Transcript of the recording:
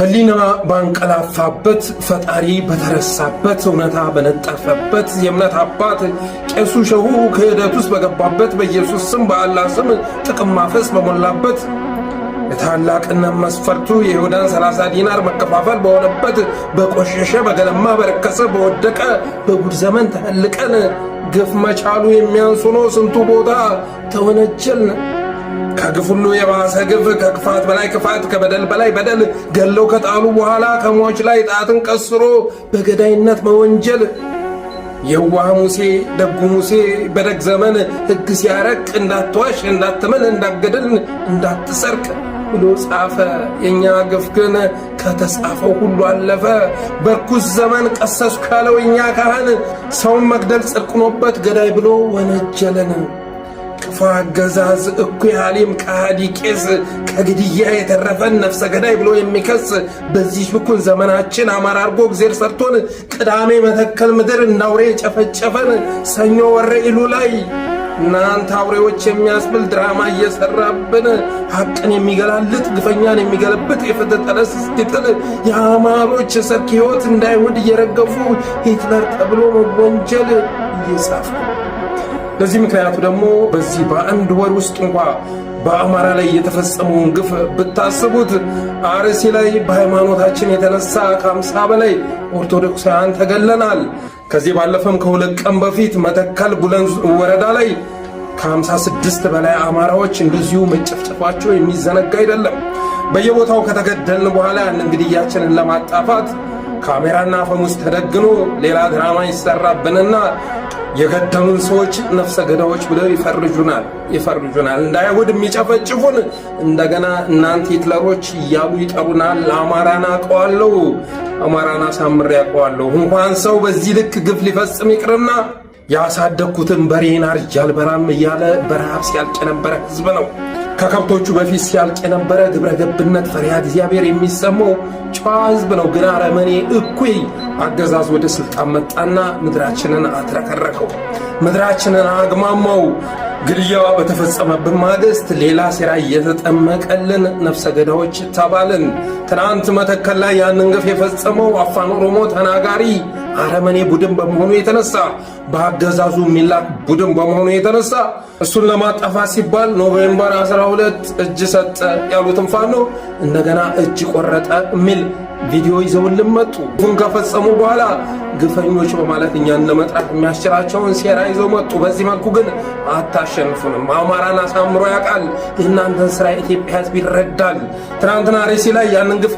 ህሊና ባንቀላፋበት ፈጣሪ በተረሳበት እውነታ በነጠፈበት የእምነት አባት ቄሱ ሸሁ ክህደት ውስጥ በገባበት በኢየሱስ ስም በአላ ስም ጥቅም ማፈስ በሞላበት የታላቅነት መስፈርቱ የይሁዳን 30 ዲናር መከፋፈል በሆነበት በቆሸሸ በገለማ በረከሰ በወደቀ በጉድ ዘመን ተልቀን ግፍ መቻሉ የሚያንስ ሆኖ ስንቱ ቦታ ተወነጀልን። ከግፍ ሁሉ የባሰ ግፍ፣ ከክፋት በላይ ክፋት፣ ከበደል በላይ በደል ገለው ከጣሉ በኋላ ከሟች ላይ ጣትን ቀስሮ በገዳይነት መወንጀል የዋህ ሙሴ ደጉ ሙሴ በደግ ዘመን ሕግ ሲያረቅ እንዳትዋሽ፣ እንዳትመን፣ እንዳገድልን እንዳትሰርቅ ብሎ ጻፈ። የእኛ ግፍ ግን ከተጻፈው ሁሉ አለፈ። በርኩስ ዘመን ቀሰስኩ ያለው እኛ ካህን ሰውን መግደል ጽድቅ ሆኖበት ገዳይ ብሎ ወነጀለን። የከፋ አገዛዝ እኩይ ሀሊም ከሃዲ ቄስ ከግድያ የተረፈን ነፍሰ ገዳይ ብሎ የሚከስ በዚህ ሽኩን ዘመናችን አማራ አርጎ እግዜር ሰርቶን ቅዳሜ መተከል ምድር እናውሬ ጨፈጨፈን ሰኞ ወረ ኢሉ ላይ እናንተ አውሬዎች የሚያስብል ድራማ እየሰራብን ሀቅን የሚገላልጥ ግፈኛን የሚገለብጥ የፍትህ ጠለስ ስትጥል የአማሮች ሰርክ ሕይወት እንዳይሁድ እየረገፉ ሂትለር ተብሎ መወንጀል እየጻፈ ለዚህ ምክንያቱ ደግሞ በዚህ በአንድ ወር ውስጥ እንኳ በአማራ ላይ የተፈጸመውን ግፍ ብታስቡት አርሲ ላይ በሃይማኖታችን የተነሳ ከአምሳ በላይ ኦርቶዶክሳውያን ተገለናል። ከዚህ ባለፈም ከሁለት ቀን በፊት መተከል ቡለን ወረዳ ላይ ከአምሳ ስድስት በላይ አማራዎች እንደዚሁ መጨፍጨፋቸው የሚዘነጋ አይደለም። በየቦታው ከተገደልን በኋላ ያንን ግድያችንን ለማጣፋት ካሜራና አፈሙዝ ተደግኖ ሌላ ድራማ ይሰራብንና የገደሉን ሰዎች ነፍሰ ገዳዎች ብለው ይፈርጁናል ይፈርጁናል። እንደ አይሁድ የሚጨፈጭፉን እንደገና እናንተ ሂትለሮች እያሉ ይጠሩናል። አማራን አውቀዋለሁ፣ አማራን አሳምሬ አውቀዋለሁ። እንኳን ሰው በዚህ ልክ ግፍ ሊፈጽም ይቅርና ያሳደግኩትን በሬን አርጃል በራም እያለ በረሃብ ሲያልቅ የነበረ ህዝብ ነው። ከከብቶቹ በፊት ሲያልቅ የነበረ ግብረ ገብነት ፈሪሃ እግዚአብሔር የሚሰማው ጨዋ ህዝብ ነው። ግን አረመኔ እኩይ አገዛዝ ወደ ስልጣን መጣና ምድራችንን አትረከረከው፣ ምድራችንን አግማማው። ግድያዋ በተፈጸመብን ማግስት ሌላ ሴራ እየተጠመቀልን ነፍሰ ገዳዎች ተባልን። ትናንት መተከል ላይ ያንን ግፍ የፈጸመው አፋን ኦሮሞ ተናጋሪ አረመኔ ቡድን በመሆኑ የተነሳ በአገዛዙ የሚላክ ቡድን በመሆኑ የተነሳ እሱን ለማጠፋት ሲባል ኖቬምበር 12 እጅ ሰጠ ያሉትን ፋኖ እንደገና እጅ ቆረጠ የሚል ቪዲዮ ይዘውልን መጡ። ግፉን ከፈጸሙ በኋላ ግፈኞች በማለት እኛን ለመጥራት የሚያስችላቸውን ሴራ ይዘው መጡ። በዚህ መልኩ ግን አታሸንፉንም። አማራን አሳምሮ ያውቃል። የእናንተን ስራ ኢትዮጵያ ሕዝብ ይረዳል። ትናንትና ሬሲ ላይ ያንን ግፍ